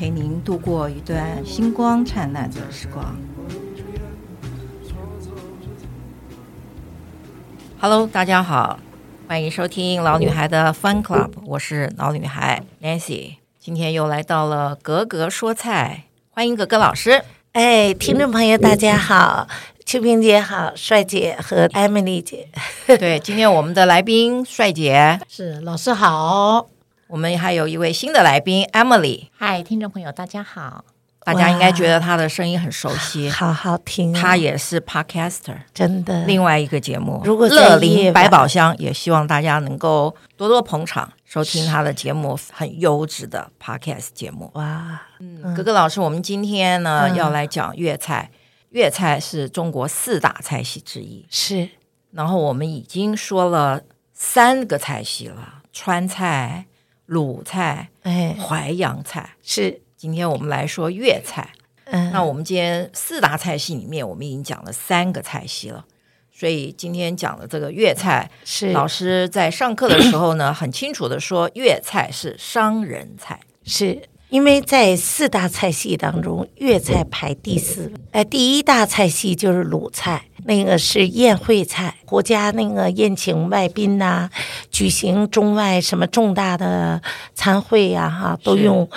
陪您度過一段星光燦爛的時光。Hello，大家好，歡迎收聽老女孩的 Fun Club，我是老女孩 Nancy，今天又來到了格格說菜，歡迎格格老師。哎，聽眾朋友大家好，秋萍姐好，帥姐和 Emily 姐。 對，今天我們的來賓帥姐是老師好。我們還有一位新的來賓 Emily。嗨，聽眾朋友，大家好！大家應該覺得她的聲音很熟悉，好好聽。她也是 Podcaster，真的。另外一個節目，如果樂齡百寶箱，也希望大家能夠多多捧場，收聽她的節目，是很優質的 Podcast 節目。哇，嗯，格格老師，我們今天呢、嗯、要來講粵菜。粵菜是中國四大菜系之一，是。然後我們已經說了三個菜系了，川菜。魯菜，淮揚菜、嗯、是。今天我們來說粵菜，嗯，那我們今天四大菜系裡面，我們已經講了三個菜系了，所以今天講的這個粵菜是。老師在上課的時候呢，很清楚的說，粵菜是商人菜，是。因為在四大菜系當中，粵菜排第四。哎，第一大菜系就是魯菜，那個是宴會菜，國家那個宴請外賓吶、啊，舉行中外什麼重大的餐會呀、啊，哈、啊，都用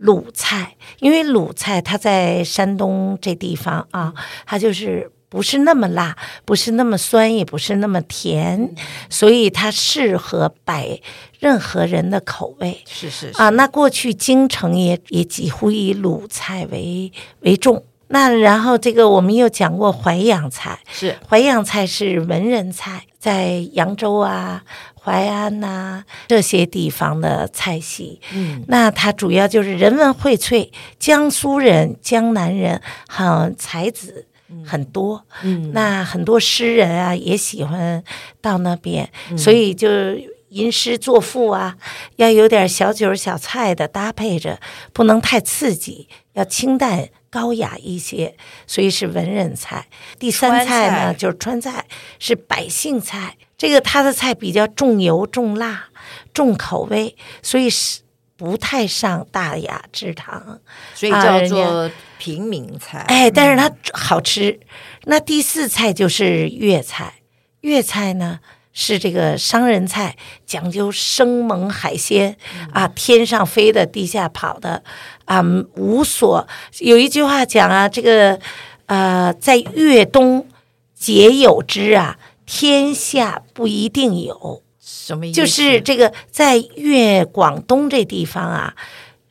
魯菜。因為魯菜它在山東這地方啊，它就是。不是那麼辣，不是那麼酸，也不是那麼甜，嗯、所以它適合擺任何人的口味。是是是啊，那過去京城也也幾乎以魯菜為為重。那然後這個我們又講過淮揚菜，是淮揚菜是文人菜，在揚州啊、淮安吶、啊、這些地方的菜系。嗯，那它主要就是人文薈萃，江蘇人、江南人很才子。很多，那很多詩人啊也喜歡到那邊，嗯，所以就吟詩作賦啊，要有點小酒小菜的搭配着，不能太刺激，要清淡高雅一些，所以是文人菜。第三菜呢菜就是川菜，是百姓菜，這個它的菜比較重油重辣重口味，所以是。不太上大雅之堂，所以叫做平民菜。呃、哎，但是它好吃。嗯、那第四菜就是粵菜，粵菜呢是這個商人菜，講究生猛海鮮、嗯、啊，天上飛的，地下跑的啊、嗯，無所。有一句話講啊，這個呃，在粵東皆有之啊，天下不一定有。什麼意思？就是這個，在粵廣東這地方啊，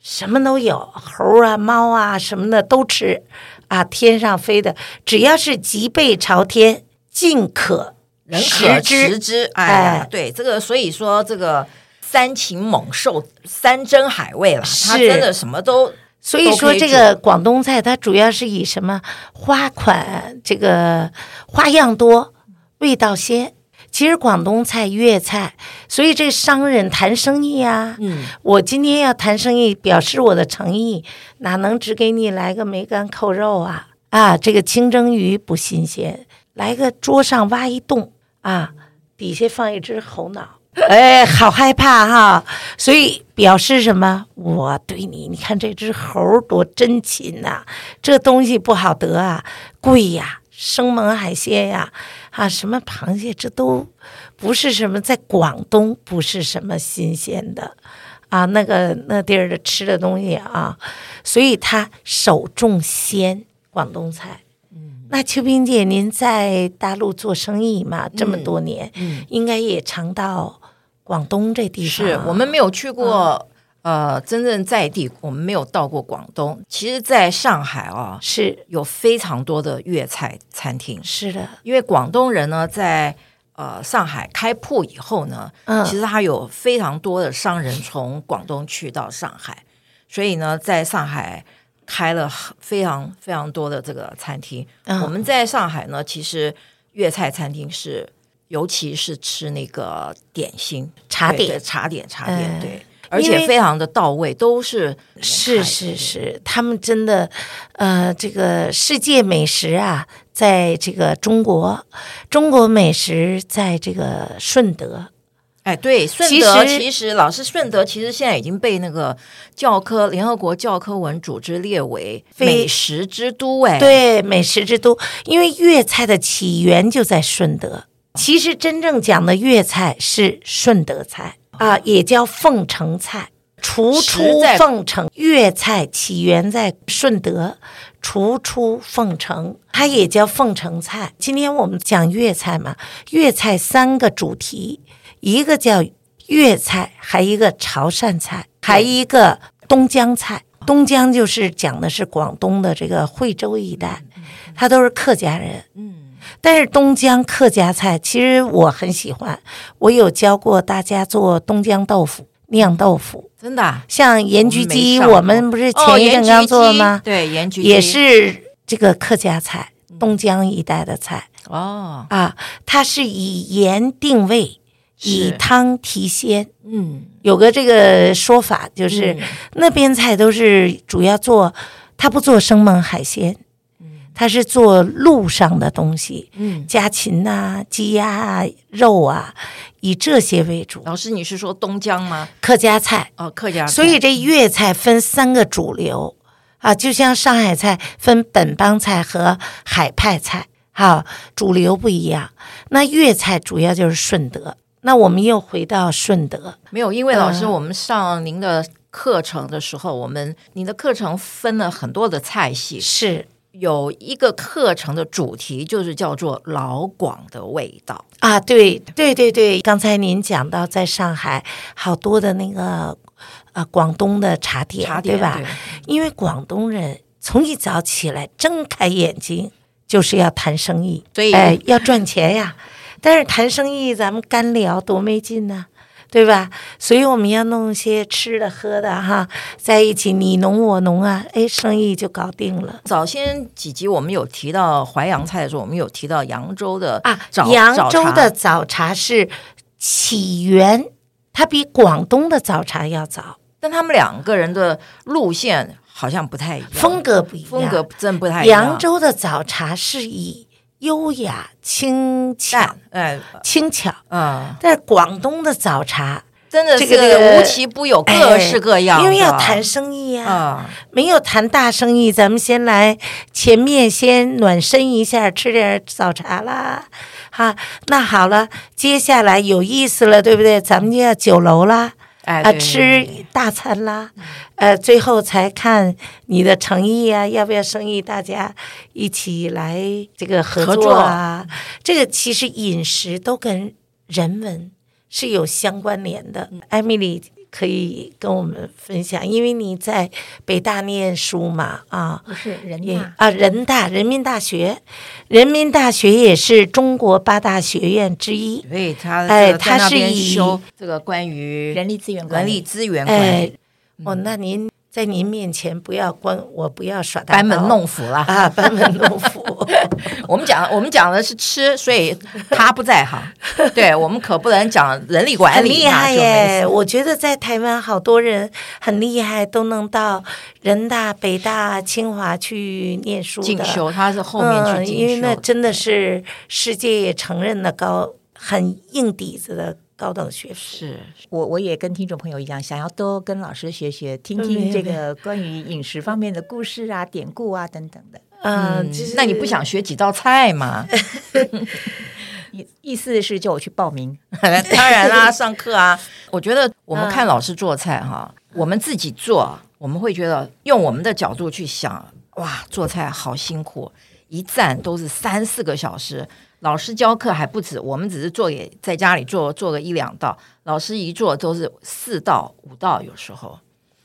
什麼都有，猴啊、貓啊什麼的都吃，啊，天上飛的，只要是脊背朝天，盡可，人可食之，食之。哎，呃、對這個，所以說這個山禽猛獸、山珍海味了，是它真的什麼都。所以說這個廣東菜，它主要是以什麼花款？這個花樣多，味道鮮。其實廣東菜、粵菜，所以這商人談生意啊，嗯，我今天要談生意，表示我的誠意，哪能只給你來個梅乾扣肉啊？啊，這個清蒸魚不新鮮，來個桌上挖一洞啊，嗯、底下放一只猴腦，哎，好害怕哈、啊！所以表示什麼？我對你，你看這隻猴多珍禽吶，這東西不好得啊，貴呀、啊。生猛海鮮呀，啊，啊，什麼螃蟹，這都不是什麼，在廣東不是什麼新鮮的，啊，那個那地兒的吃的東西啊，所以他首重鮮廣東菜。嗯、那秋萍姐，您在大陸做生意嘛，這麼多年，嗯嗯，應該也常到廣東這地方、啊。是我們沒有去過，嗯。呃，真正在地，我們沒有到過廣東。其實，在上海啊，是有非常多的粵菜餐廳。是的，因為廣東人呢，在呃上海開鋪以後呢，嗯，其實他有非常多的商人從廣東去到上海，所以呢，在上海開了非常非常多的這個餐廳。嗯，我們在上海呢，其實粵菜餐廳是，尤其是吃那個點心、茶點、茶點、茶點，嗯，對。而且非常的到位，都是是是是，他們真的，呃，這個世界美食啊，在這個中國，中國美食在這個順德，哎，對，順德其實，其實老師順德，其實現在已經被那個教科聯合國教科文組織列為美食之都，哎，對，美食之都，因為粵菜的起源就在順德，其實真正講的粵菜是順德菜。啊、呃，也叫鳳城菜，廚出鳳城，粵菜起源在順德，廚出鳳城，它也叫鳳城菜。今天我們講粵菜嘛，粵菜三個主題，一個叫粵菜，還一個潮汕菜，還一個東江菜。東江就是講的是廣東的這個惠州一帶，他、嗯嗯嗯、都是客家人，嗯。但是東江客家菜其實我很喜歡，我有教過大家做東江豆腐、釀豆腐，真的。像鹽焗雞，我，我們不是前一陣剛，剛做的嗎？哦，鹽焗？對，鹽焗雞也是這個客家菜，東江一帶的菜。哦、嗯，啊，它是以鹽定味，以湯提鮮。嗯，有個這個說法，就是、嗯、那邊菜都是主要做，他不做生猛海鮮。他是做路上的東西，嗯，家禽啊、雞鴨啊、肉啊，以這些為主。老師，你是說東江嗎？客家菜哦，客家菜。所以這粵菜分三個主流啊，就像上海菜分本幫菜和海派菜，哈、啊，主流不一樣。那粵菜主要就是順德。那我們又回到順德，沒有？因為老師，呃、我們上您的課程的時候，我們您的課程分了很多的菜系，是。有一個課程的主題就是叫做“老廣的味道”啊，對，對對對。剛才您講到，在上海好多的那個，呃，廣東的茶店，茶店，對吧？對。因為廣東人從一早起來睜開眼睛就是要談生意，所以，呃，要賺錢呀。但是談生意咱們乾聊多沒勁呢？對吧？所以我們要弄些吃的喝的哈，在一起你儂我儂啊，哎，生意就搞定了。早先幾集我們有提到淮揚菜的時候，我們有提到揚州的早啊，揚州的早茶，早茶是起源，它比廣東的早茶要早，但他們兩個人的路線好像不太一樣，風格不一樣，風格真不太一樣。揚州的早茶是以，優雅輕淺，哎，輕巧，嗯，但是廣東的早茶真的是、這個、無奇不有，各式各樣，因為、哎、要談生意呀、啊，嗯、沒有談大生意，咱們先來前面先暖身一下，吃點早茶啦，哈，那好了，接下來有意思了，對不對？咱們就要酒樓啦，哎，啊、對吃大餐啦。嗯呃，最後才看你的誠意啊，要不要生意？大家一起來這個合作啊。合作啊，這個其實飲食都跟人文是有相關聯的。艾米麗可以跟我們分享，因為你在北大念書嘛，啊，不是人大啊，人大，人民大學，人民大學也是中國八大學院之一，所以他哎，他是以這個關於人力資源管理資源管理。哎哦，那您在您面前不要關我，不要耍大班門弄斧了啊！班門弄斧， 我們講我們講的是吃，所以他不在行。 對我們可不能講人力管理、啊，厲害耶！我覺得在台灣好多人很厲害，都能到人大、北大、清華去念書進修。他是後面去進修、嗯、因為那真的是世界也承認的高、很硬底子的。高等學士，我我也跟聽眾朋友一樣，想要多跟老師學學，聽聽這個關於飲食方面的故事啊、典故啊等等的。嗯，嗯就是，那你不想學幾道菜嗎？意 意思是叫我去報名？ 當然啦，啊，上課啊。 我覺得我們看老師做菜哈，嗯、我們自己做，我們會覺得用我們的角度去想，哇，做菜好辛苦，一站都是三四個小時。老師教課還不止，我們只是做給在家裡做做個一兩道，老師一做都是四道五道有時候，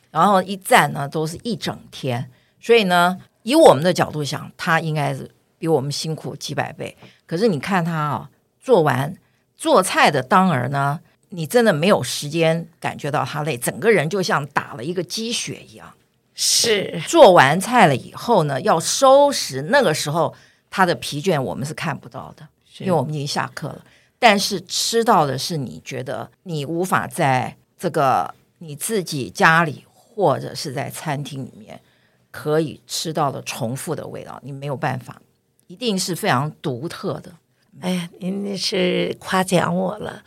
然後一站呢都是一整天，所以呢，以我們的角度想，他應該是比我們辛苦幾百倍。可是你看他啊、哦，做完做菜的當兒呢，你真的沒有時間感覺到他累，整個人就像打了一個雞血一樣。是做完菜了以後呢，要收拾，那個時候。他的疲倦我們是看不到的，是因為我們已經下課了。是但是吃到的是，你覺得你無法在這個你自己家裡或者是在餐廳裡面可以吃到的重複的味道，你沒有辦法，一定是非常獨特的。嗯、哎呀，您那是誇獎我了。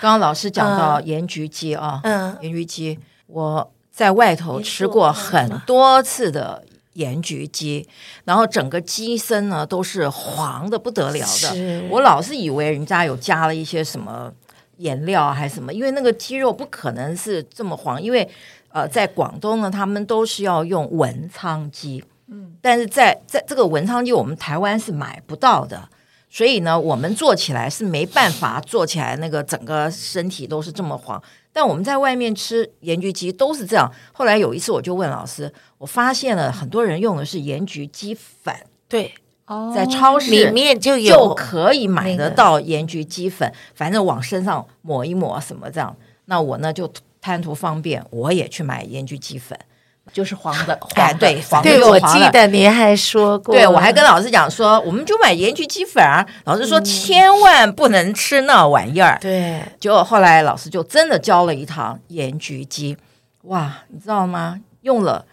剛剛老師講到鹽焗雞啊，嗯，鹽焗雞我在外頭吃過很多次的。鹽焗雞，然後整個雞身呢，都是黃的不得了的，是我老是以為人家有加了一些什麼顏料啊還是什麼，因為那個雞肉不可能是這麼黃，因為呃，在廣東呢，他們都是要用文昌雞，嗯，但是在在這個文昌雞，我們台灣是買不到的。所以呢，我們做起來是沒辦法做起來，那個整個身體都是這麼黃。但我們在外面吃鹽焗雞都是這樣。後來有一次我就問老師，我發現了很多人用的是鹽焗雞粉，對，在超市裡面就有就可以買得到鹽焗雞粉，那個、反正往身上抹一抹什麼這樣。那我呢就貪圖方便，我也去買鹽焗雞粉。就是黃的，黃的，哎、對黃的，黃的，我記得您還說過，對我還跟老師講說，我們就買鹽焗雞粉兒、啊。老師說千萬不能吃那玩意兒。嗯、對，結果後來老師就真的教了一堂鹽焗雞，哇，你知道嗎？用了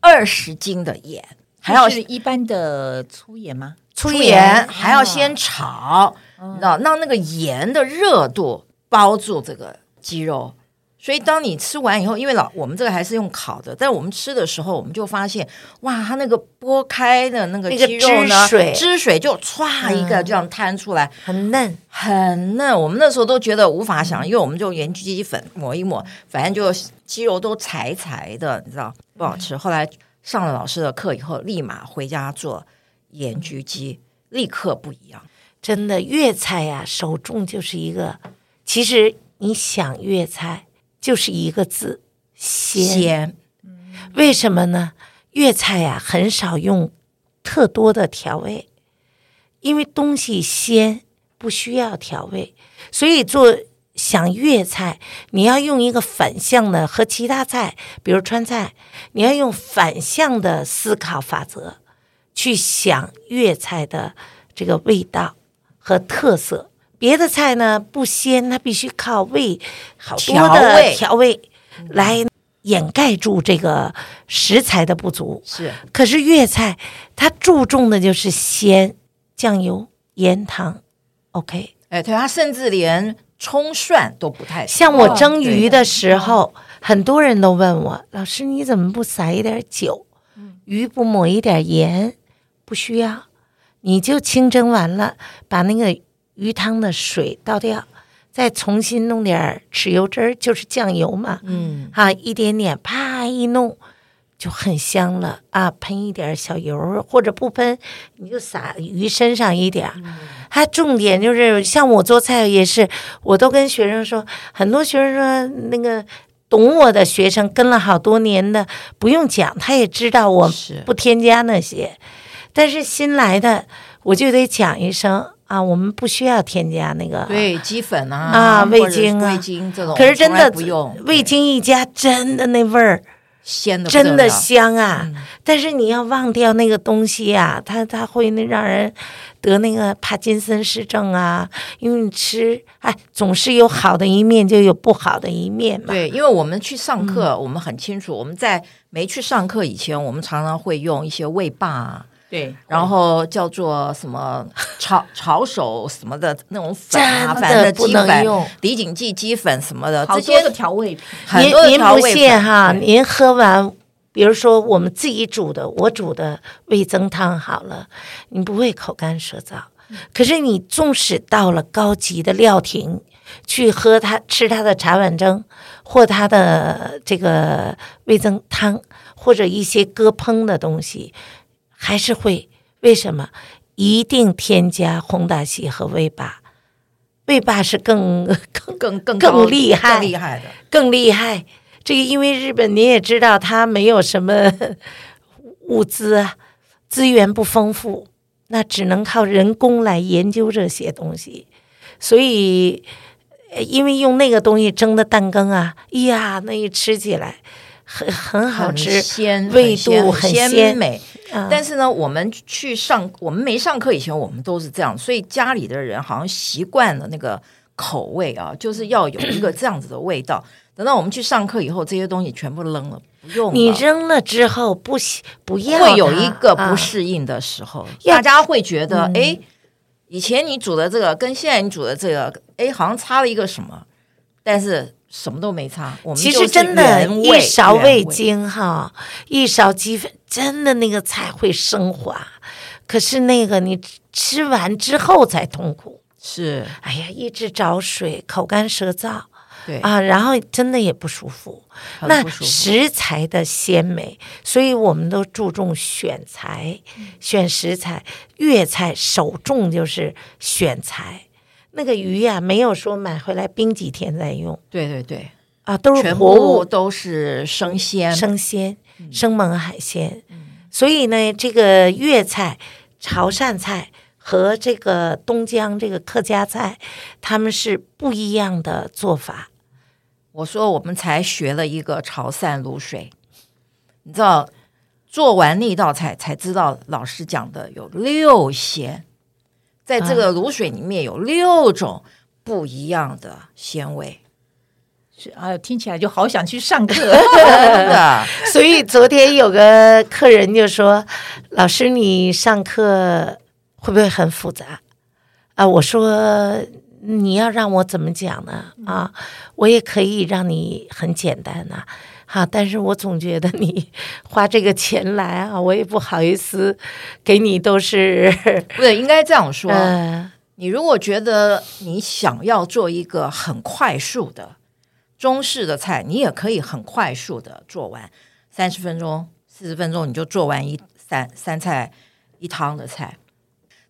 二十斤的鹽，還要是一般的粗鹽嗎？粗鹽還要先炒，讓、哦嗯、你知道、讓那個鹽的熱度包住這個雞肉。所以，當你吃完以後，因為老我們這個還是用烤的，但我們吃的時候，我們就發現，哇，它那個剝開的那個雞肉呢，汁水，汁水就唰一個、嗯、這樣攤出來，很嫩，很嫩。我們那時候都覺得無法想像，嗯、因為我們就鹽焗雞粉抹一抹，反正就雞肉都柴柴的，你知道不好吃。嗯、後來上了老師的課以後，立馬回家做鹽焗雞，立刻不一樣。真的粵菜呀、啊，首重就是一個，其實你想粵菜。就是一個字鮮，鮮，為什麼呢？粵菜呀、啊，很少用特多的調味，因為東西鮮不需要調味。所以做想粵菜，你要用一個反向的和其他菜，比如川菜，你要用反向的思考法則去想粵菜的這個味道和特色。別的菜呢，不鮮，它必須靠味，好多的調味來掩蓋住這個食材的不足。是，可是粵菜它注重的就是鮮，醬油、鹽、糖，OK。哎、對，它甚至連蔥蒜都不太。像我蒸魚的時候，哦、很多人都問我：“嗯、老師，你怎麼不撒一點酒？嗯、魚不抹一點鹽？不需要，你就清蒸完了，把那個。”魚湯的水倒掉，再重新弄點豉油汁兒，就是醬油嘛。嗯，啊，一點點，啪一弄就很香了啊！噴一點小油，或者不噴，你就撒魚身上一點。還、嗯、重點就是，像我做菜也是，我都跟學生說，很多學生說，那個懂我的學生跟了好多年的，不用講他也知道我不添加那些，是，但是新來的我就得講一聲。啊，我們不需要添加那個對雞粉啊，啊味精，味精、啊啊、這種，可是真的味精一加，真的那味兒鮮的，真的香啊！嗯、但是你要忘掉那個東西啊，它它會那讓人得那個帕金森氏症啊，因為你吃哎，總是有好的一面，就有不好的一面嘛。對，因為我們去上課，嗯、我們很清楚，我們在沒去上課以前，我們常常會用一些味霸。對，然後叫做什麼炒 炒手什麼的那種粉啊，反正雞粉、李錦記雞粉什麼的，這些調味品。您您不信哈？嗯、您喝完，嗯、比如說我們自己煮的，我煮的味噌湯好了，你不會口乾舌燥。可是你縱使到了高級的料亭去喝他吃他的茶碗蒸，或他的這個味噌湯，或者一些割烹的東西，還是會，為什麼一定添加烹大師和味霸。味霸是更更更更，更厲害，更厲害的，更厲害。這個因為日本你也知道，它沒有什麼物資資源不豐富，那只能靠人工來研究這些東西。所以，因為用那個東西蒸的蛋羹啊，哎呀，那一吃起來。很很好吃，很鮮，很鮮味道很鮮，很鮮美。嗯、但是呢，我們去上我們沒上課以前，我們都是這樣，所以家裡的人好像習慣了那個口味啊，就是要有一個這樣子的味道。嗯、等到我們去上課以後，這些東西全部扔了，不用。你扔了之後不喜不要，啊，會有一個不適應的時候，大，嗯、家會覺得哎，欸，以前你煮的這個跟現在你煮的這個哎，欸，好像差了一個什麼，但是。什麼都沒擦，我們其實真的，一勺味精哈，味一勺雞粉，真的那個菜會升華。可是那個你吃完之後才痛苦，是，哎呀，一直找水，口乾舌燥，對啊，然後真的也不舒服。舒服，那食材的鮮美，所以我們都注重選材，嗯、選食材，粵菜，粵菜首重就是選材。那個魚呀、啊，沒有說買回來冰幾天再用。對對對，啊，都是活物，都是生鮮，生鮮、嗯、生猛海鮮。嗯、所以呢，這個粵菜、潮汕菜和這個東江這個客家菜，他們是不一樣的做法。我說我們才學了一個潮汕滷水，你知道做完那道菜才知道老師講的有六鮮。在這個滷水裡面有六種不一樣的鮮味，是啊，聽起來就好想去上課。 所以昨天有個客人就說：“老師，你上課會不會很複雜？”啊，我說：“你要讓我怎麼講呢？啊，我也可以讓你很簡單吶、啊。”好、啊，但是我總覺得你花這個錢來啊，我也不好意思給你都是不對，應該這樣說。嗯、你如果覺得你想要做一個很快速的中式的菜，你也可以很快速的做完三十分鐘、四十分鐘你就做完一三三菜一湯的菜。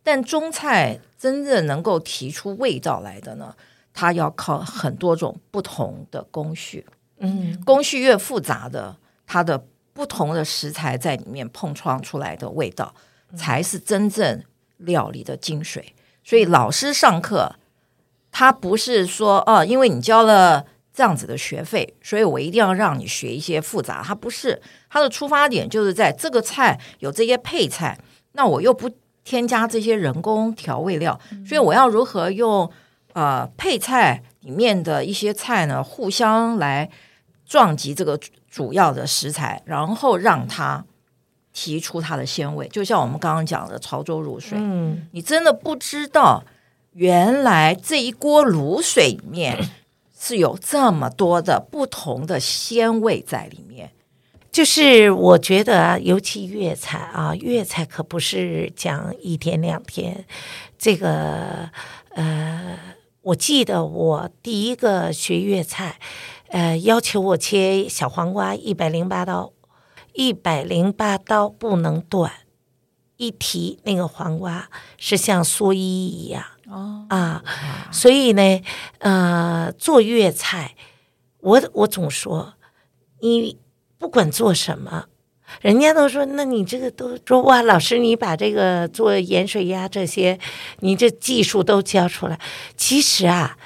但中菜真正能夠提出味道來的呢，它要靠很多種不同的工序。嗯，工序越複雜的，它的不同的食材在裡面碰撞出來的味道，才是真正料理的精髓。所以老師上課，他不是說哦，因為你交了這樣子的學費，所以我一定要讓你學一些複雜。他不是，他的出發點就是在這個菜有這些配菜，那我又不添加這些人工調味料，所以我要如何用呃，配菜裡面的一些菜呢，互相來。撞擊這個主要的食材，然後讓它提出它的鮮味。就像我們剛剛講的潮州滷水，嗯，你真的不知道原來這一鍋滷水裡面是有這麼多的不同的鮮味在裡面。就是我覺得，尤其粵菜啊，粵菜可不是講一天兩天。這個呃，我記得我第一個學粵菜。呃，要求我切小黃瓜一百零八刀，一百零八刀不能斷。一提那個黃瓜是像蓑衣一樣、哦、啊，哇所以呢，呃，做粵菜，我我總說，你不管做什麼，人家都說，那你這個都說哇，老師你把這個做鹽水鴨這些，你這技術都教出來，其實啊。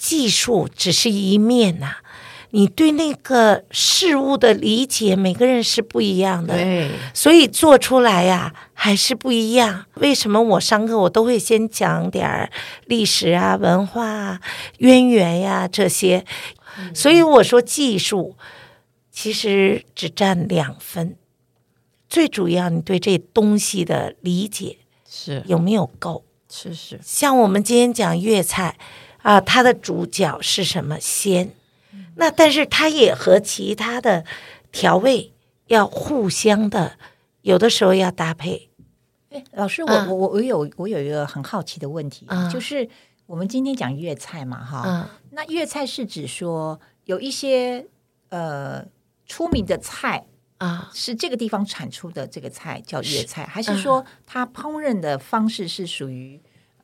技術只是一面吶、啊，你對那個事物的理解，每個人是不一樣的。對所以做出來呀、啊、還是不一樣。為什麼我上課我都會先講點歷史啊、文化、啊、淵源呀、啊、這些？嗯、所以我說技術其實只占兩分，最主要你對這東西的理解是有沒有夠？是是。像我們今天講粵菜。啊、呃，它的主角是什麼鮮？那但是它也和其他的調味要互相的，有的時候要搭配。哎、嗯欸，老師，我我我有我有一個很好奇的問題，嗯、就是我們今天講粵菜嘛，哈，嗯、那粵菜是指說有一些呃出名的菜啊，嗯、是這個地方產出的這個菜叫粵菜，是嗯、還是說它烹飪的方式是屬於？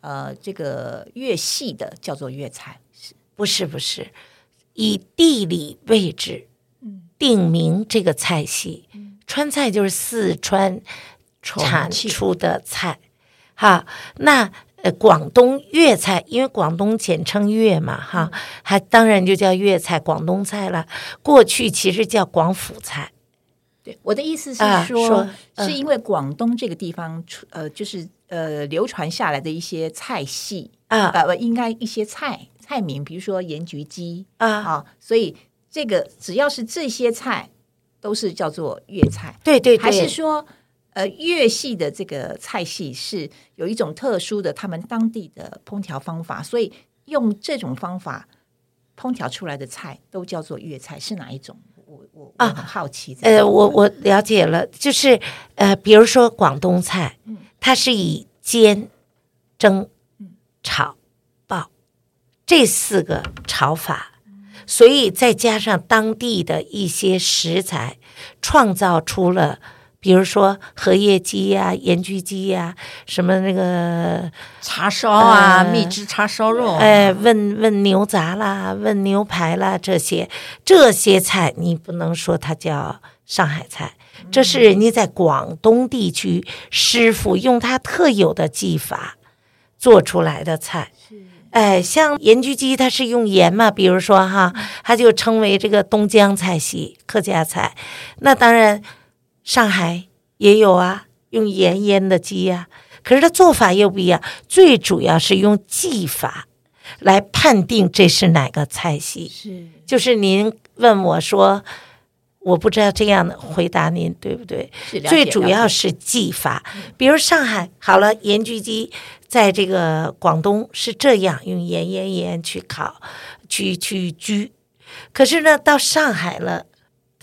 呃，這個粵系的叫做粵菜，是，不是不是，以地理位置嗯定名這個菜系，嗯，川菜就是四川產出的菜哈。那呃廣東粵菜，因為廣東簡稱粵嘛哈，它當然就叫粵菜、廣東菜了。過去其實叫廣府菜。對，我的意思是說，啊，說嗯、是因為廣東這個地方，呃，就是呃，流傳下來的一些菜系啊、呃，應該一些菜菜名，比如說鹽焗雞啊，啊，所以這個只要是這些菜都是叫做粵菜，對對，對對。還是說呃粵系的這個菜系是有一種特殊的他們當地的烹調方法，所以用這種方法烹調出來的菜都叫做粵菜，是哪一種？啊，好奇，啊，呃，我我了解了，就是呃，比如說廣東菜，它是以煎、蒸、炒、爆這四個炒法，所以再加上當地的一些食材，創造出了。比如說荷葉雞呀、啊、鹽焗雞呀、啊，什麼那個叉燒啊、呃、蜜汁叉燒肉、啊，哎，問問牛雜啦、問牛排啦，這些這些菜你不能說它叫上海菜，嗯、這是人家在廣東地區師傅用他特有的技法做出來的菜。是哎，像鹽焗雞，它是用鹽嘛，比如說哈，嗯、它就稱為這個東江菜系、客家菜。那當然。上海也有啊，用鹽醃的雞呀、啊，可是它做法又不一樣。最主要是用技法來判定這是哪個菜系。是，就是您問我說，我不知道這樣的是回答您對不對？最主要是技法，比如上海好了，鹽焗雞，在這個廣東是這樣用鹽醃鹽，鹽去烤，去去焗，可是呢，到上海了。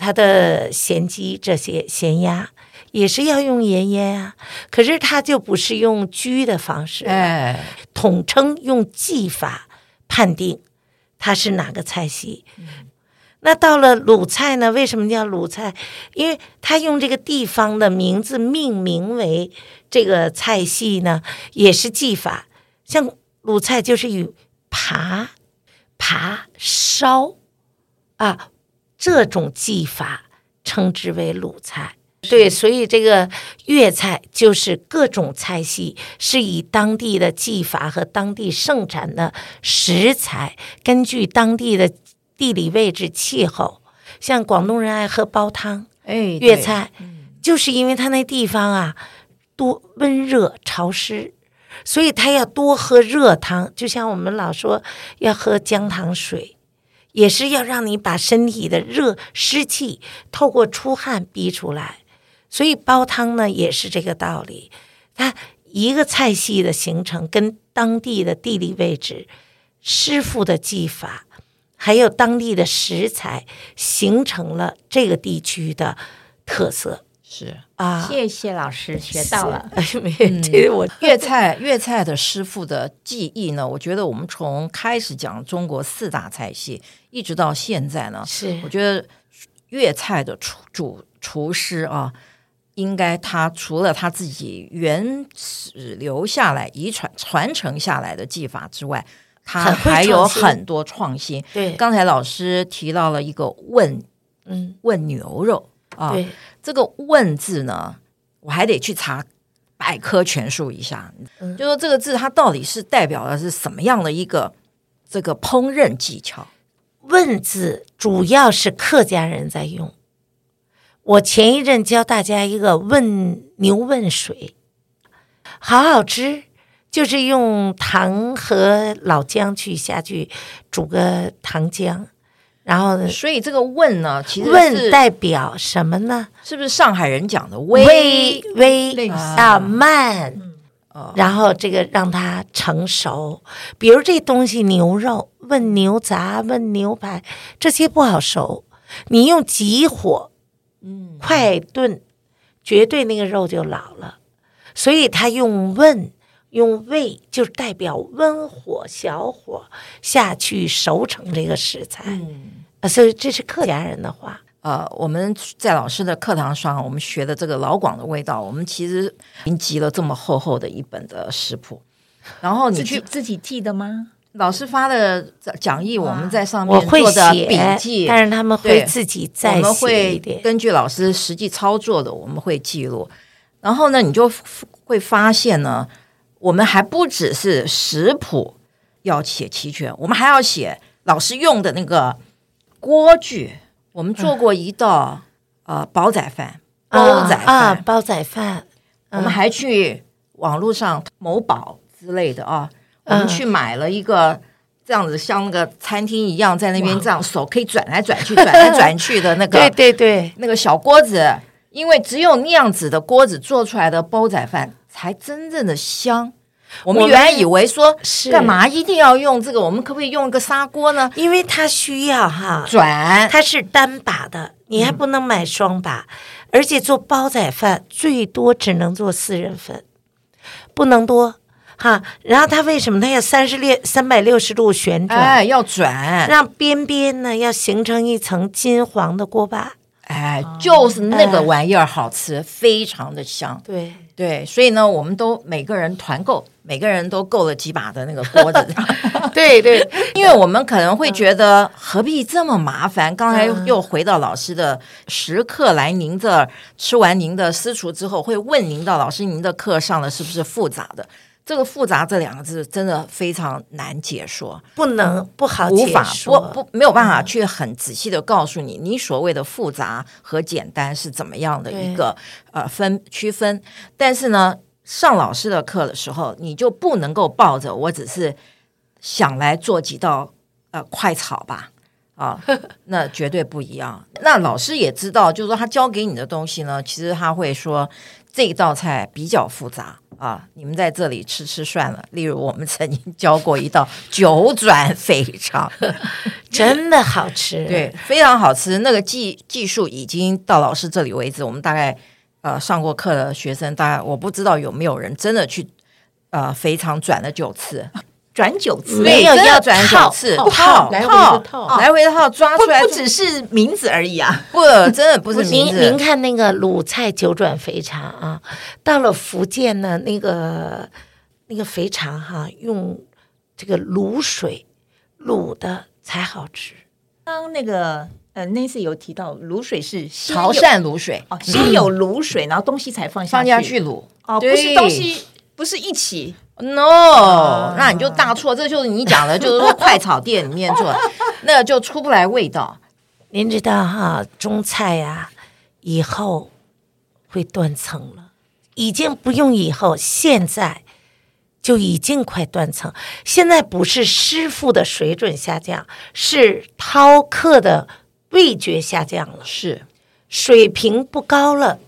他的鹹雞、這些鹹鴨也是要用鹽醃啊，可是他就不是用焗的方式，哎哎哎統稱，用技法判定它是哪個菜系。嗯、那到了魯菜呢？為什麼叫魯菜？因為他用這個地方的名字命名為這個菜系呢，也是技法。像魯菜就是以扒、扒燒啊。這種技法稱之為魯菜，對，所以這個粵菜就是各種菜系，是以當地的技法和當地盛產的食材，根據當地的地理位置、氣候，像廣東人愛喝煲湯，哎，粵菜，嗯，就是因為它那地方啊多溫熱潮濕，所以它要多喝熱湯，就像我們老說要喝薑糖水。也是要讓你把身體的熱濕氣透過出汗逼出來，所以煲湯呢也是這個道理。它一個菜系的形成，跟當地的地理位置、師傅的技法，還有當地的食材，形成了這個地區的特色。是。謝謝老師，學到了、啊。沒有，其實我、嗯、粵菜粵菜的師傅的技藝呢，我覺得我們從開始講中國四大菜系，一直到現在呢，是我覺得粵菜的廚主廚，廚師啊，應該他除了他自己原始留下來、遺傳傳承下來的技法之外，他還有很多創新。創新對，剛才老師提到了一個問，嗯，問牛肉。嗯啊，哦、對這個“問”字呢，我還得去查百科全書一下，就說這個字它到底是代表的是什麼樣的一個這個烹飪技巧？“問”字主要是客家人在用。我前一陣教大家一個“問牛問水”，好好吃，就是用糖和老薑去下去煮個糖漿。然後，所以這個燜呢，其實是燜代表什麼呢？是不是上海人講的煨煨啊慢？然後這個讓它成熟，比如這東西牛肉，燜牛雜，燜牛排，這些不好熟，你用急火，嗯，快燉，嗯、絕對那個肉就老了，所以他用燜。用煨就代表溫火、小火下去熟成這個食材。嗯，呃，所以這是客家人的話。呃，我們在老師的課堂上，我們學的這個老廣的味道，我們其實已經集了這麼厚厚的一本的食譜。然後你自己，自己記得嗎？老師發的講講義，我們在上面我會寫做的筆記，但是他們會自己再寫一點我們會根據老師實際操作的，我們會記錄。嗯，然後呢，你就會發現呢。我們還不只是食譜要寫齊全，我們還要寫老師用的那個鍋具。我們做過一道、嗯、呃煲仔飯，煲仔飯，哦、煲仔飯。哦、仔飯我們還去網絡上某寶之類的啊，哦嗯、我們去買了一個這樣子像那個餐廳一樣在那邊這樣手可以轉來轉去、轉來轉去的那個， 對對對，那個小鍋子，因為只有那樣子的鍋子做出來的煲仔飯。才真正的香。我們原來以為說，是幹嘛一定要用這個？我們可不可以用一個砂鍋呢？因為它需要哈轉，它是單把的，你還不能買雙把，嗯、而且做煲仔飯最多只能做四人份，不能多哈。然後它為什麼它要三十六三百六十度旋轉？哎，要轉，讓邊邊呢要形成一層金黃的鍋巴。哎，就是那個玩意兒好吃，哎、非常的香。對。對，所以呢，我們都每個人團購，每個人都購了幾把的那個鍋子。對 對，對對，因為我們可能會覺得何必這麼麻煩。嗯、剛才又回到老師的時刻，來您這兒，吃完您的私廚之後，會問您的老師，您的課上的是不是複雜的？這個複雜這兩個字真的非常難解說，不能、嗯、不好解無法說，不，不沒有辦法去很仔細的告訴你，嗯、你所謂的複雜和簡單是怎麼樣的一個對呃分區分。但是呢，上老師的課的時候，你就不能夠抱着我只是想來做幾道呃快炒吧啊、呃，那絕對不一樣。 那老師也知道，就是說他教給你的東西呢，其實他會說。這一道菜比較複雜啊，你們在這裡吃吃算了。例如，我們曾經教過一道九轉肥腸， 真的好吃。對，對，非常好吃。那個技技術已經到老師這裡為止，我們大概呃上過課的學生，大概我不知道有沒有人真的去呃肥腸轉了九次。轉九次，沒有要轉九次，套套來回套，抓出來不只是名字而已啊！不，真的不是名字。您看那個魯菜九轉肥腸啊，到了福建呢，那個那個肥腸哈，用這個滷水滷的才好吃。當那個呃，Nancy 有提到滷水是潮汕滷水，先有滷水，然後東西才放放下去滷。哦，不是東西，不是一起。No，那你就大錯，這就是你講的，就是說快炒店裡面做， 那就出不來味道。您知道哈，中菜呀、啊，以後會斷層了，已經不用以後，現在就已經快斷層。現在不是師傅的水準下降，是饕客的味覺下降了，是水平不高了。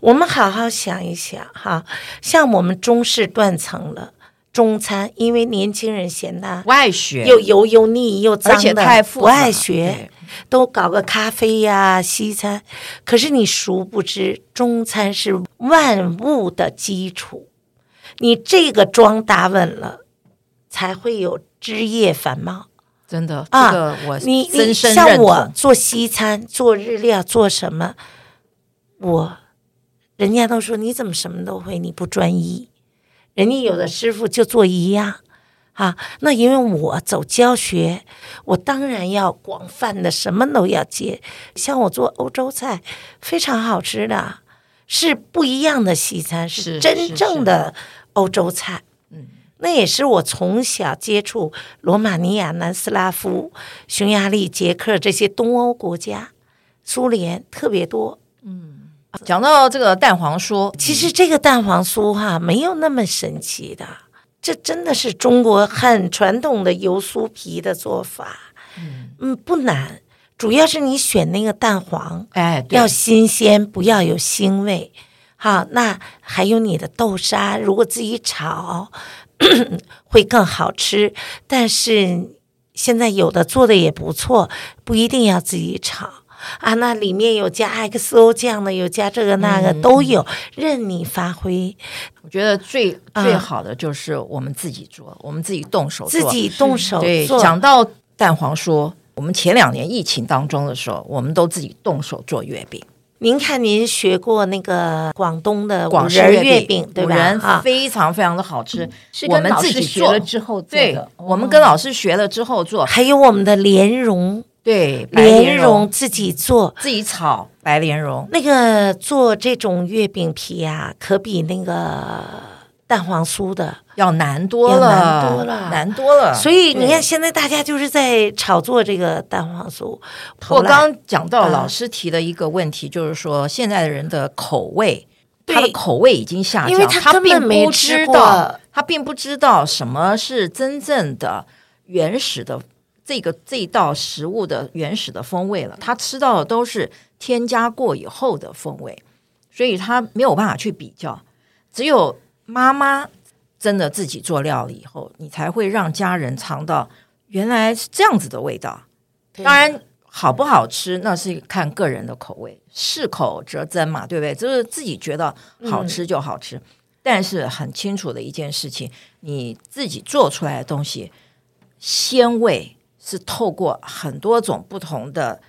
我們好好想一想哈，像我們中式斷層了，中餐因為年輕人嫌它外學又油又膩又髒的，太不愛學，對都搞個咖啡呀、啊、西餐。可是你殊不知，中餐是萬物的基礎，你這個樁打穩了，才會有枝葉繁茂。真的、這個、啊，我你身你像我做西餐做日料做什麼，我。人家都說你怎麼什麼都會，你不專一。人家有的師傅就做一樣，啊，那因為我走教學，我當然要廣泛的什麼都要接。像我做歐洲菜，非常好吃的，是不一樣的西餐，是，是真正的歐洲菜。嗯，那也是我從小接觸羅馬尼亞、南斯拉夫、匈牙利、捷克這些東歐國家，蘇聯特別多。嗯。講到這個蛋黃酥，嗯、其實這個蛋黃酥哈、啊、沒有那麼神奇的，這真的是中國很傳統的油酥皮的做法，嗯，嗯，不難，主要是你選那個蛋黃，哎，對，要新鮮，不要有腥味，好，那還有你的豆沙，如果自己炒 會更好吃，但是現在有的做的也不錯，不一定要自己炒。啊，那裡面有加 XO 醬的，有加這個那個都有，任你發揮。我覺得最最好的就是我們自己做，我們自己動手做，自己動手做。對，講到蛋黃酥，我們前兩年疫情當中的時候，我們都自己動手做月餅。您看，您學過那個廣東的廣式月餅對吧？非常非常的好吃，是跟老師學了之後做的。我們跟老師學了之後做，還有我們的蓮蓉。對，白蓮蓉，蓮蓉自己做，自己炒白蓮蓉。那個做這種月餅皮呀、啊，可比那個蛋黃酥的要難多了，要難多了，難多了。所以你看，現在大家就是在炒作這個蛋黃酥。對來我剛剛講到、嗯、老師提的一個問題，就是說現在的人的口味，對他的口味已經下降，因為他並沒知道，他並不知道，他並不知道什麼是真正的原始的。這個這一道食物的原始的風味了，他吃到的都是添加過以後的風味，所以他沒有辦法去比較。只有媽媽真的自己做料理以後，你才會讓家人嘗到原來是這樣子的味道。當然，好不好吃那是看個人的口味，適口則珍嘛，對不對？就是自己覺得好吃就好吃。嗯、但是很清楚的一件事情，你自己做出來的東西鮮味。是透過很多種不同的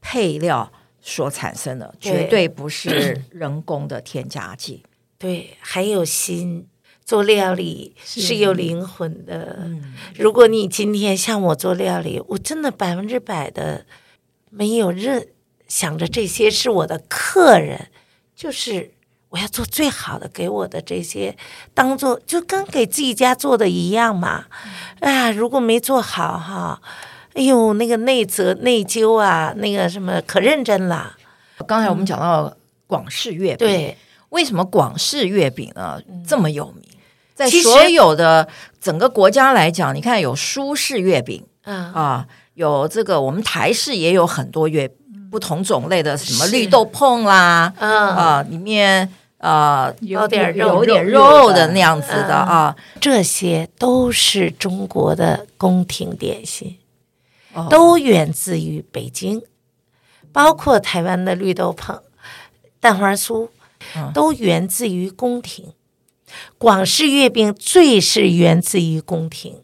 配料所產生的，絕對不是人工的添加劑。對,嗯、對，還有心做料理是有靈魂的。是的嗯、如果你今天像我做料理，我真的百分之百的沒有認想着這些是我的客人，就是。我要做最好的，給我的這些當做就跟給自己家做的一樣嘛。哎、啊、呀，如果沒做好哈，哎呦，那個內責內疚啊，那個什麼可認真了。剛才我們講到廣式月餅，對，為什麼廣式月餅啊、嗯、這麼有名？在所有的整個國家來講，嗯、你看有蘇式月餅，啊、嗯呃，有這個我們台式也有很多月、嗯、不同種類的，什麼綠豆椪啦，啊、嗯呃，裡面。啊，呃、有點肉，有點肉的那樣子的啊、嗯，這些都是中國的宮廷點心，哦、都源自於北京，包括台灣的綠豆椪、蛋黃酥，都源自於宮廷。嗯、廣式月餅最是源自於宮廷，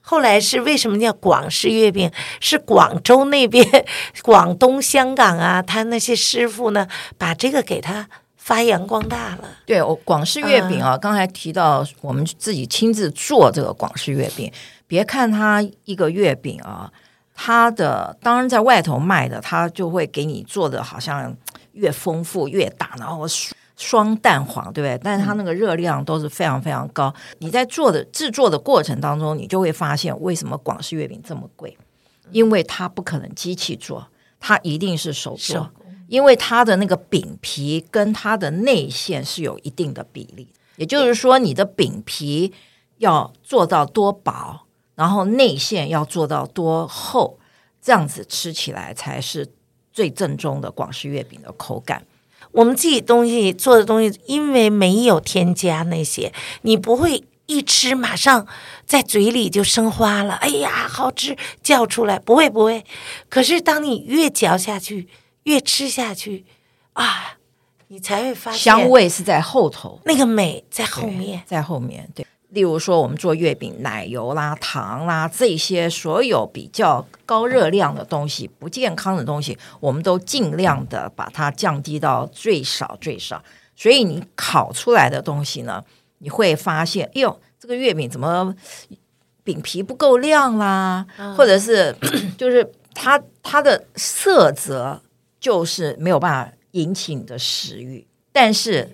後來是為什麼叫廣式月餅？是廣州那邊、廣東、香港啊，他那些師傅呢，把這個給他，發揚光大了，對，我廣式月餅啊，嗯、剛才提到我們自己親自做這個廣式月餅，別看它一個月餅啊，它的當然在外頭賣的，它就會給你做的好像越豐富越大，然後雙，雙蛋黃，對不對？但是它那個熱量都是非常非常高。嗯、你在做的制作的過程當中，你就會發現為什麼廣式月餅這麼貴，因為它不可能機器做，它一定是手做。因為它的那個餅皮跟它的內餡是有一定的比例，也就是說，你的餅皮要做到多薄，然後內餡要做到多厚，這樣子吃起來才是最正宗的廣式月餅的口感。我們自己東西做的東西，因為沒有添加那些，你不會一吃馬上在嘴裡就生花了。哎呀，好吃，叫出來不會不會。可是當你越嚼下去，越吃下去啊，你才會發現香味是在後頭，那個美在後面，在後面。對，例如說我們做月餅，奶油啦、糖啦這些所有比較高熱量的東西、嗯、不健康的東西，我們都盡量的把它降低到最少最少。所以你烤出來的東西呢，你會發現，哎呦，這個月餅怎麼餅皮不夠亮啦，嗯、或者是就是它它的色澤。就是沒有辦法引起你的食慾，但是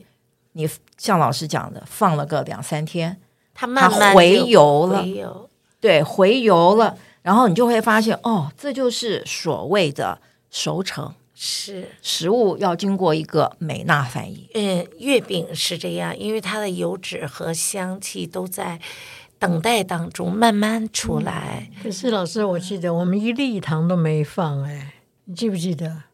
你像老師講的，放了個兩三天，它慢慢回油了，回油，對，回油了，然後你就會發現，哦，這就是所謂的熟成，是食物要經過一個美納反應。嗯，月餅是這樣，因為它的油脂和香氣都在等待當中慢慢出來。嗯，可是老師，我記得我們一粒糖都沒放，哎，你記不記得？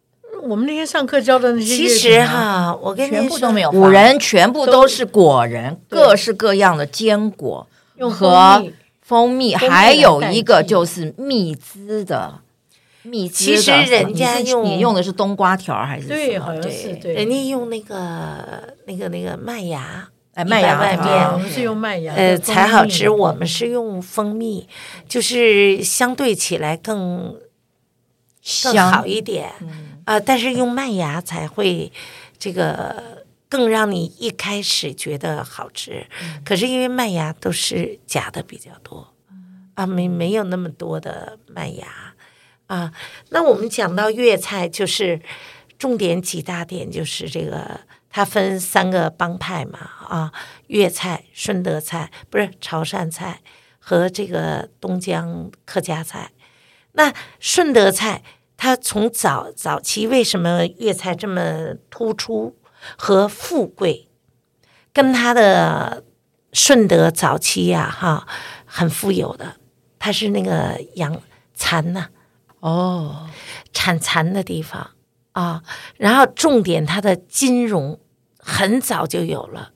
我們那天上課教的那些，其實哈，我跟你說，五仁全部都是果仁，各式各樣的堅果和蜂蜜，還有一個就是蜜汁的蜜。其實人家用你用的是冬瓜條還是什麼？對，好像是對。人家用那個那個那個麥芽，麥芽外面，我們是用麥芽，呃，才好吃。我們是用蜂蜜，就是相對起來更香好一點。啊、呃，但是用麥芽才會這個更讓你一開始覺得好吃。嗯、可是因為麥芽都是假的比較多，嗯、啊，沒沒有那麼多的麥芽啊。那我們講到粵菜，就是重點幾大點，就是這個它分三個幫派嘛，啊，粵菜、順德菜不是潮汕菜和這個東江客家菜。那順德菜。他從早早期，為什麼粵菜這麼突出和富貴？跟他的順德早期呀、啊，哈、啊，很富有的，他是那個養蠶的哦，oh. 產蠶的地方啊。然後重點，他的金融很早就有了。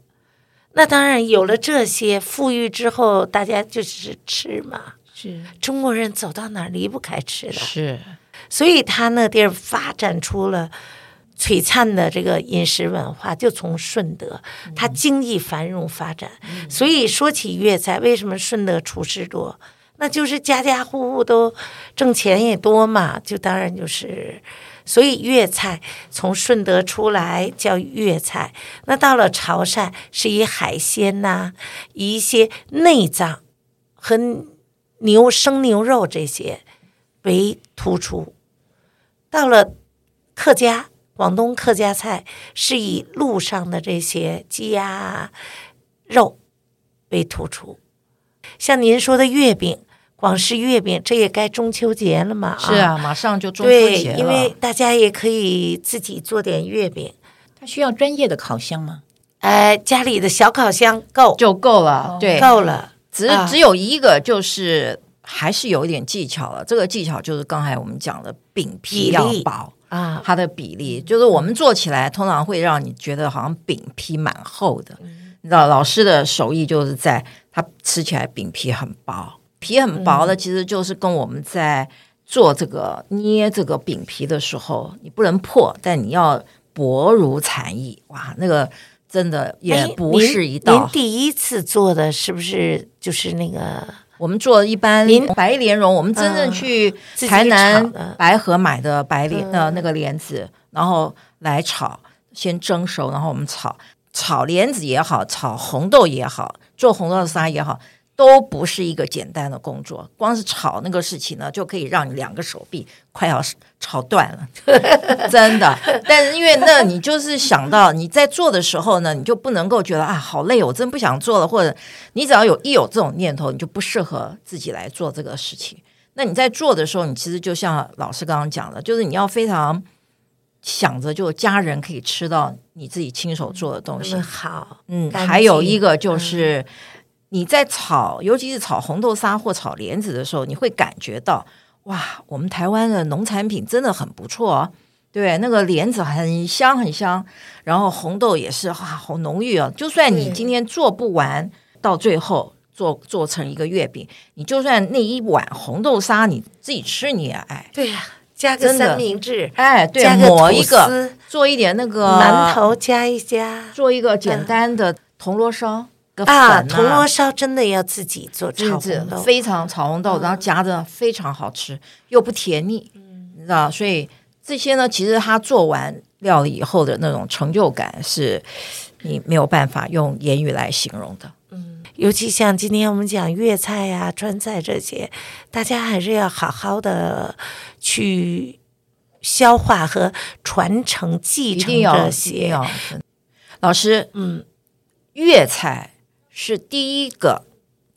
那當然有了這些富裕之後，大家就是吃嘛，是中國人走到哪離不開吃的，是。所以他那地兒發展出了璀璨的這個飲食文化，就從順德，他經濟繁榮發展。所以說起粵菜，為什麼順德廚師多？那就是家家戶戶都掙錢也多嘛，就當然就是。所以粵菜從順德出來叫粵菜，那到了潮汕是以海鮮吶、啊，一些內臟和牛生牛肉這些。為突出，到了客家，廣東客家菜是以路上的這些雞鴨肉為突出。像您說的月餅，廣式月餅，這也該中秋節了嘛、啊？是啊，馬上就中秋節了。對，因為大家也可以自己做點月餅。它需要專業的烤箱嗎？哎、呃，家裡的小烤箱夠就夠了。哦、對，夠了。只、哦、只有一個，就是。還是有一點技巧了，這個技巧就是剛才我們講的餅皮要薄啊，比例、它的比例、啊、就是我們做起來通常會讓你覺得好像餅皮蠻厚的，嗯、你知道老師的手藝就是在它吃起來餅皮很薄，皮很薄的其實就是跟我們在做這個、嗯、捏這個餅皮的時候，你不能破，但你要薄如蟬翼，哇，那個真的也不是一道、哎您。您第一次做的是不是就是那個？我們做一般白蓮蓉，我們真正去台南白河買的白蓮，呃，那，那個蓮子，然後來炒，先蒸熟，然後我們炒，炒蓮子也好，炒紅豆也好，做紅豆沙也好。都不是一個簡單的工作，光是炒那個事情呢，就可以讓你兩個手臂快要炒斷了， 真的。但是因為那，你就是想到你在做的時候呢，你就不能夠覺得啊、哎，好累，我真不想做了。或者你只要有，一有這種念頭，你就不適合自己來做這個事情。那你在做的時候，你其實就像老師剛剛講的，就是你要非常想着，就家人可以吃到你自己親手做的東西，嗯、好，嗯，還有一個就是。嗯你在炒，尤其是炒紅豆沙或炒蓮子的時候，你會感覺到哇，我們台灣的農產品真的很不錯哦、啊。對，那個蓮子很香很香，然後紅豆也是哇，好濃郁啊。就算你今天做不完，嗯、到最後做做成一個月餅，你就算那一碗紅豆沙你自己吃，你也愛。對呀、啊，的加個三明治，哎，對，抹一個，做一點那個饅頭，加一加，做一個簡單的銅鑼燒。嗯嗯啊，銅鑼燒真的要自己做，炒，是非常炒紅豆，紅豆嗯、然後夾着非常好吃，又不甜膩，你知道？所以這些呢，其實他做完料理以後的那種成就感，是你沒有辦法用言語來形容的。嗯，尤其像今天我們講粵菜啊、川菜這些，大家還是要好好的去消化和傳承、繼承這些。一定要，一定要嗯、老師，嗯，粵菜。是第一個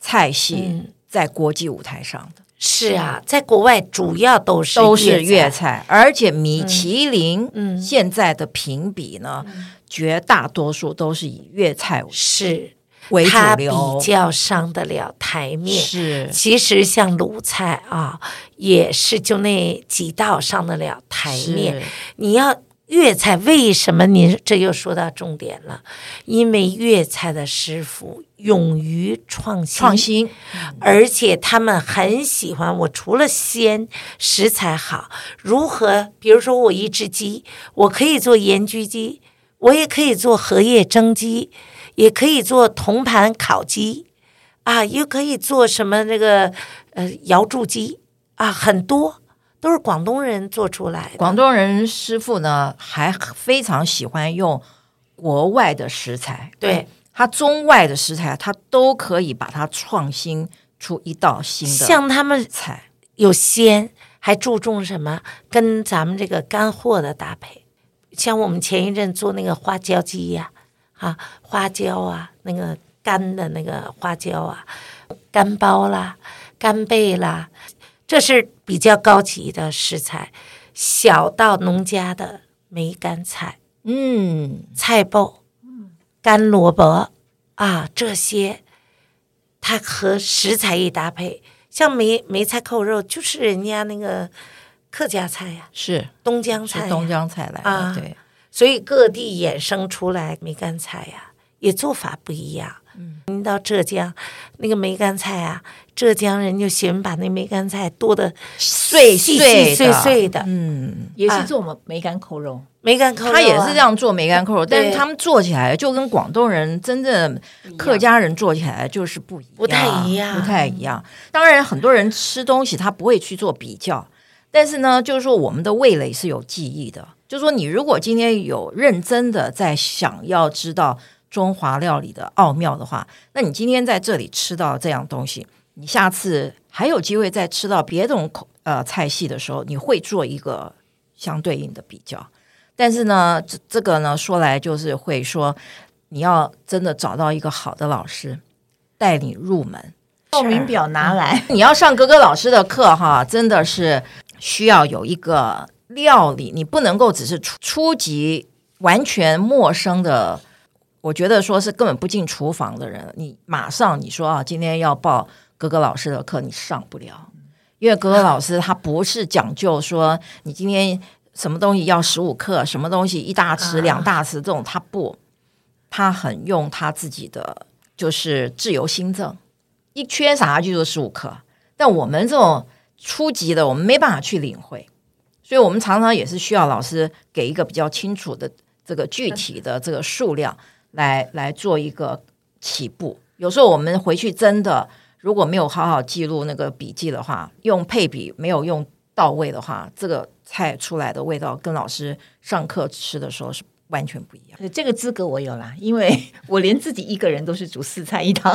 菜系在國際舞台上的。嗯、是啊，在國外主要都是、嗯、都是粵菜，而且米其林現在的評比呢，嗯嗯、絕大多數都是以粵菜為主流，是，它比較上得了台面。是，其實像魯菜啊，也是就那幾道上得了台面，是你要。粵菜為什麼您這又說到重點了？因為粵菜的師傅勇於創新，創新，嗯，而且他們很喜歡我。除了鮮食材好，如何？比如說，我一隻雞，我可以做鹽焗雞，我也可以做荷葉蒸雞，也可以做銅盤烤雞，啊，又可以做什麼那個呃瑤柱雞啊，很多。都是廣東人做出來的。廣東人師傅呢，還非常喜歡用國外的食材，對，他中外的食材，他都可以把它創新出一道新的。像他們菜又鮮，還注重什麼？跟咱們這個乾貨的搭配。像我們前一陣做那個花椒雞呀，啊，啊，花椒啊，那個乾的那個花椒啊，乾鮑啦，乾貝啦，這是。比較高級的食材，小到農家的梅乾菜，嗯，菜脯，嗯、乾蘿蔔啊，這些，它和食材一搭配，像梅梅菜扣肉，就是人家那個客家菜呀、啊，是東江菜，啊，東江菜來的，啊、對，所以各地衍生出來梅乾菜呀、啊，也做法不一樣。嗯，您到浙江，那個梅乾菜啊，浙江人就喜歡把那梅乾菜剁的碎碎碎碎的。嗯，也是做梅梅乾扣肉，梅乾扣肉他也是這樣做梅乾扣肉，但是他們做起來就跟廣東人真正客家人做起來就是不一樣，不太一樣，不太一樣。當然，很多人吃東西他不會去做比較，但是呢，就是說我們的味蕾是有記憶的。就是說你如果今天有認真的在想要知道，中華料理的奧妙的話，那你今天在這裡吃到這樣東西，你下次還有機會再吃到別種口，呃、菜系的時候，你會做一個相對應的比較。但是呢，這這個呢說來就是會說，你要真的找到一個好的老師帶你入門，報名表拿來，你要上格格老師的課哈，真的是需要有一個料理，你不能夠只是初初級完全陌生的。我覺得說是根本不進廚房的人，你馬上你說啊，今天要報格格老師的課，你上不了，因為格格老師他不是講究說你今天什麼東西要十五克，什麼東西一大匙兩大匙這種，他不，他很用他自己的就是自由心證，一圈啥就十五克。但我們這種初級的，我們沒辦法去領會，所以我們常常也是需要老師給一個比較清楚的這個具體的這個數量。來來做一個起步，有時候我們回去真的，如果沒有好好記錄那個筆記的話，用配比沒有用到位的話，這個菜出來的味道跟老師上課吃的時候是完全不一樣，這個資格我有啦，因為我連自己一個人都是煮四菜一湯，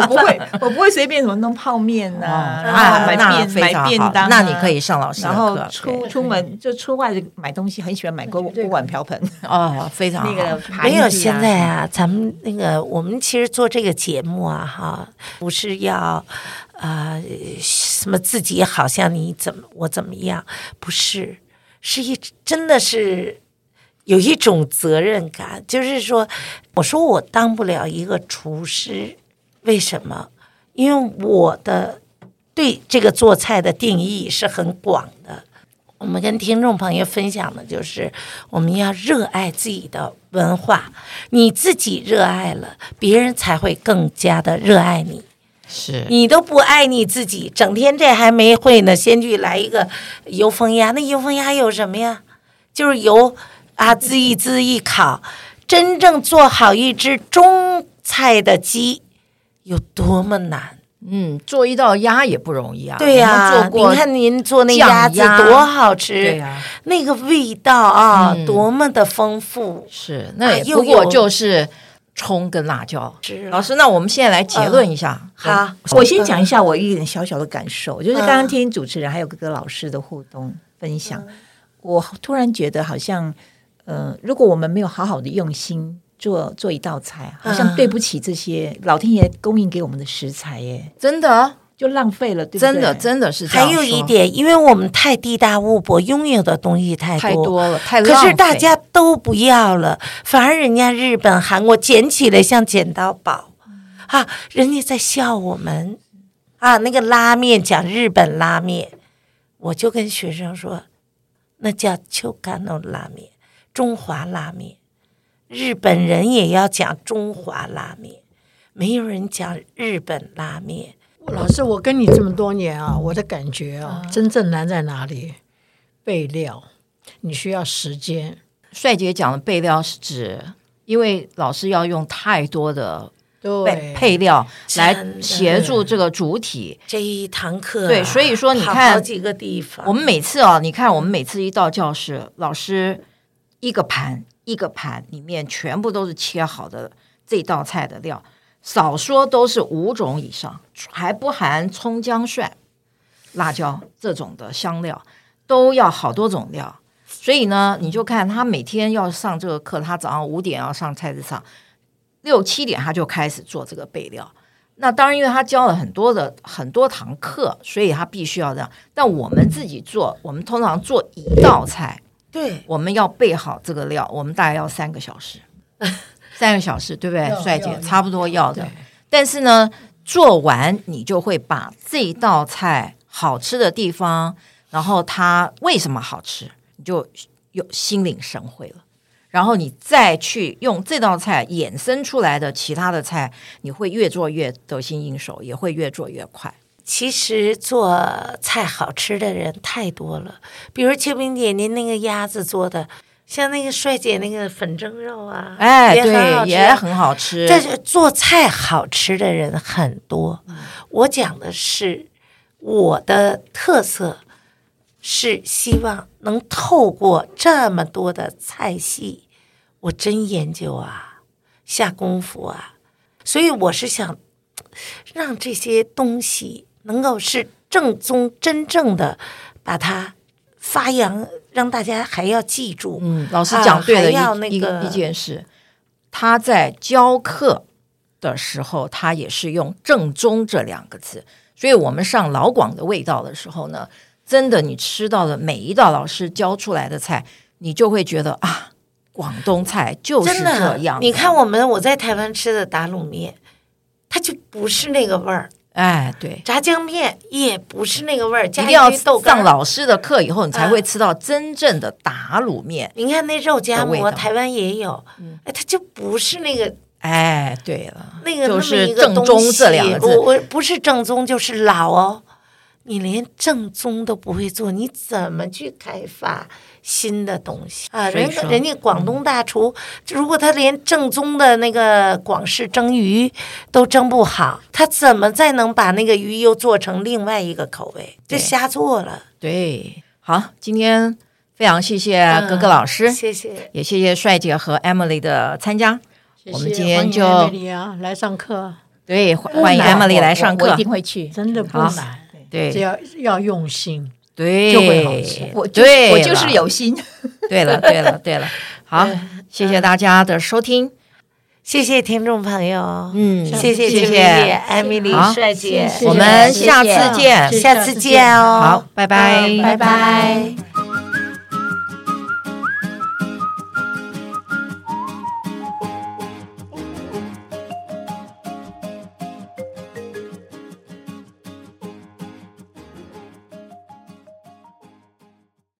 我不會，我不會隨便怎麼弄泡麵吶，啊，買便買便當，那你可以上老師，然後出出門就出外買東西，很喜歡買鍋鍋碗瓢盆，哦，非常那個沒有現在啊，咱們那個我們其實做這個節目啊，哈，不是要啊什麼自己好像你怎麼我怎麼樣，不是是一真的是。有一種責任感，就是說，我說我當不了一個廚師，為什麼？因為我的對這個做菜的定義是很廣的。我們跟聽眾朋友分享的就是，我們要熱愛自己的文化，你自己熱愛了，別人才會更加的熱愛你。是，你都不愛你自己，整天這還沒會呢，先去來一個油封鴨。那油封鴨有什麼呀？就是油。啊，滋一滋一烤，真正做好一隻中菜的雞有多麼難？嗯，做一道鴨也不容易啊。對呀，您看您做那鴨子多好吃，對呀，那個味道啊，多麼的豐富。是，那也不過就是蔥跟辣椒。老師，那我們現在來結論一下。好，我先講一下我一點小小的感受，就是剛剛聽主持人還有各個老師的互動分享，我突然覺得好像。呃，如果我們沒有好好的用心做做一道菜，嗯、好像對不起這些老天爺供應給我們的食材耶，真的就浪費了。對對真的，真的是這樣。還有一點，因為我們太地大物博，對擁有的東西太多太多了，太浪費，可是大家都不要了，反而人家日本、韓國撿起來像撿到寶啊，人家在笑我們啊。那個拉麵講日本拉麵，我就跟學生說，那叫秋干豆拉麵。中華拉麵，日本人也要講中華拉麵，沒有人講日本拉麵。老師，我跟你這麼多年啊，嗯、我的感覺啊，啊真正難在哪裡？備料，你需要時間。帥姐講的備料是指，因為老師要用太多的配配料來協助這個主體這一堂課。對，所以說你看好幾個地方，我們每次啊，你看我們每次一到教室，老師。一個盤一個盤裡面全部都是切好的這道菜的料，少說都是五種以上，還不含蔥薑蒜、辣椒這種的香料，都要好多種料。所以呢，你就看他每天要上這個課，他早上五點要上菜市場，六七點他就開始做這個備料。那當然，因為他教了很多的很多堂課，所以他必須要這樣。但我們自己做，我們通常做一道菜。對，我們要備好這個料，我們大概要三個小時， 三個小時，對不對？要帥姐？要差不多要的。對但是呢，做完你就會把這道菜好吃的地方，然後它為什麼好吃，你就有心領神會了。然後你再去用這道菜衍生出來的其他的菜，你會越做越得心應手，也會越做越快。其實做菜好吃的人太多了，比如清明姐您那個鴨子做的，像那個帥姐那個粉蒸肉啊，哎，對、啊，也很好吃。但是做菜好吃的人很多，嗯、我講的是我的特色是希望能透過這麼多的菜系，我真研究啊，下功夫啊，所以我是想讓這些東西。能夠是正宗、真正的把它發揚，讓大家還要記住。嗯，老師講對了。啊、還要那個一件事，他在教課的時候，他也是用“正宗”這兩個字。所以，我們上老廣的味道的時候呢，真的，你吃到的每一道老師教出來的菜，你就會覺得啊，廣東菜就是這樣的。真的。你看，我們我在台灣吃的打滷麵，它就不是那個味兒。哎，對，炸醬麵也不是那個味兒。一定要上老師的課以後，你才會吃到真正的打滷麵。啊，你看那肉夾饃，台灣也有，哎，它就不是那個。哎，對了，那個就是正宗這兩個字。不是正宗就是老哦。你連正宗都不會做，你怎麼去開發？新的東西啊，呃、人家人家廣東大廚，嗯、如果他連正宗的那個廣式蒸魚都蒸不好，他怎麼再能把那個魚又做成另外一個口味？就瞎做了對。對，好，今天非常謝謝格格老師，嗯、謝謝，也謝謝帥姐和 Emily 的參加。謝謝我們今天就，歡迎 Emily 啊、來上課。對，歡迎 Emily 來上課。我我我一定會去，好真的不難。對，對只要要用心。對，我對我就是有心。對了，對了，對了，好，謝謝大家的收聽，謝謝聽眾朋友，嗯，謝謝謝謝艾米麗帥姐，我們下次見，下次見哦，好，拜拜，拜拜。